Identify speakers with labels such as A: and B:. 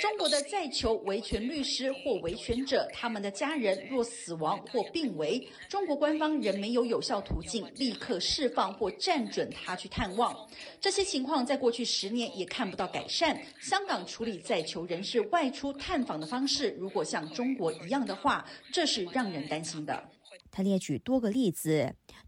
A: 中國的在囚維權律師或維權者，他們的家人若死亡或病危，中國官方仍沒有有效途徑立刻釋放或站准他去探望。這些情況在過去十年也看不到改善。香港處理在囚人士外出探訪的方式，如果像中國一樣的話，這是讓人擔心的。他列舉多個例子。